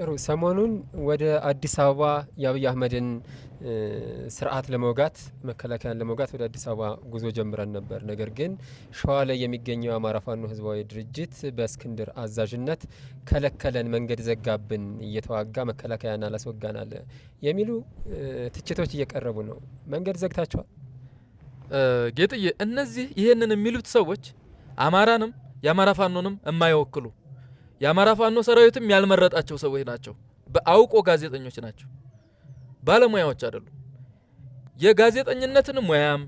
ጥሩ ሰሞኑን ወደ አዲስ አበባ የአብይ አህመድን ስርዓት ለመውጋት መከላከያን ለመውጋት ወደ አዲስ አበባ ጉዞ ጀምረን ነበር። ነገር ግን ሸዋ ላይ የሚገኘው የአማራ ፋኖ ህዝባዊ ድርጅት በእስክንድር አዛዥነት ከለከለን፣ መንገድ ዘጋብን፣ እየተዋጋ መከላከያን አላስወጋን አለ የሚሉ ትችቶች እየቀረቡ ነው። መንገድ ዘግታቸዋል። ጌጥዬ፣ እነዚህ ይህንን የሚሉት ሰዎች አማራንም የአማራ ፋኖንም የማይወክሉ የአማራ ፋኖ ሰራዊትም ያልመረጣቸው ሰዎች ናቸው። በአውቆ ጋዜጠኞች ናቸው፣ ባለሙያዎች አይደሉም። የጋዜጠኝነትን ሙያም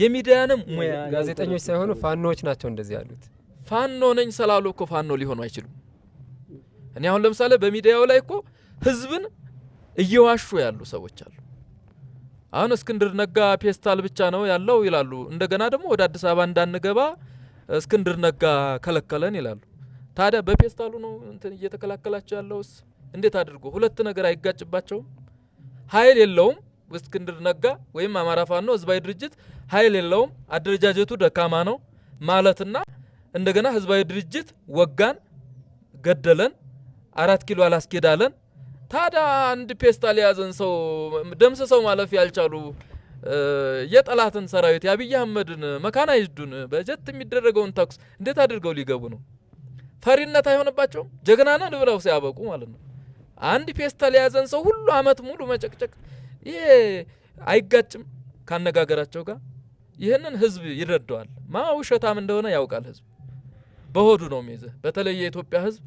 የሚዲያንም ሙያ ጋዜጠኞች ሳይሆኑ ፋኖዎች ናቸው እንደዚህ ያሉት። ፋኖ ነኝ ስላሉ እኮ ፋኖ ሊሆኑ አይችሉም። እኔ አሁን ለምሳሌ በሚዲያው ላይ እኮ ህዝብን እየዋሹ ያሉ ሰዎች አሉ። አሁን እስክንድር ነጋ ፔስታል ብቻ ነው ያለው ይላሉ። እንደገና ደግሞ ወደ አዲስ አበባ እንዳንገባ እስክንድር ነጋ ከለከለን ይላሉ። ታዲያ በፔስታሉ ነው እንትን እየተከላከላቸው ያለውስ እንዴት አድርጎ ሁለት ነገር አይጋጭባቸውም? ኃይል የለውም። እስክንድር ነጋ ወይም አማራ ፋኖ ህዝባዊ ድርጅት ኃይል የለውም፣ አደረጃጀቱ ደካማ ነው ማለትና እንደገና ህዝባዊ ድርጅት ወጋን፣ ገደለን፣ አራት ኪሎ አላስኬዳለን። ታዲያ አንድ ፔስታል የያዘን ሰው ሰው ማለፍ ያልቻሉ የጠላትን ሰራዊት የአብይ አህመድን መካናይዝዱን በጀት የሚደረገውን ተኩስ እንዴት አድርገው ሊገቡ ነው? ፈሪነት አይሆንባቸውም? ጀግና ነን ብለው ሲያበቁ ማለት ነው። አንድ ፔስተል የያዘን ሰው ሁሉ አመት ሙሉ መጨቅጨቅ ይሄ አይጋጭም ካነጋገራቸው ጋር። ይህንን ህዝብ ይረዳዋል። ማ ውሸታም እንደሆነ ያውቃል ህዝብ በሆዱ ነው ሚይዘ። በተለይ የኢትዮጵያ ህዝብ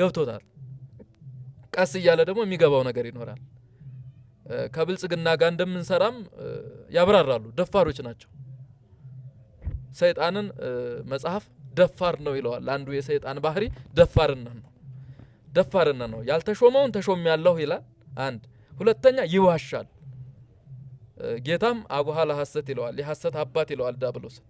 ገብቶታል። ቀስ እያለ ደግሞ የሚገባው ነገር ይኖራል። ከብልጽግና ጋር እንደምንሰራም ያብራራሉ። ደፋሮች ናቸው። ሰይጣንን መጽሐፍ ደፋር ነው ይለዋል። አንዱ የሰይጣን ባህሪ ደፋርነት ነው። ደፋርነት ነው። ያልተሾመውን ተሾም ያለሁ ይላል። አንድ ሁለተኛ ይዋሻል። ጌታም አቡሃ ለሐሰት ይለዋል፣ የሐሰት አባት ይለዋል ዲያብሎስን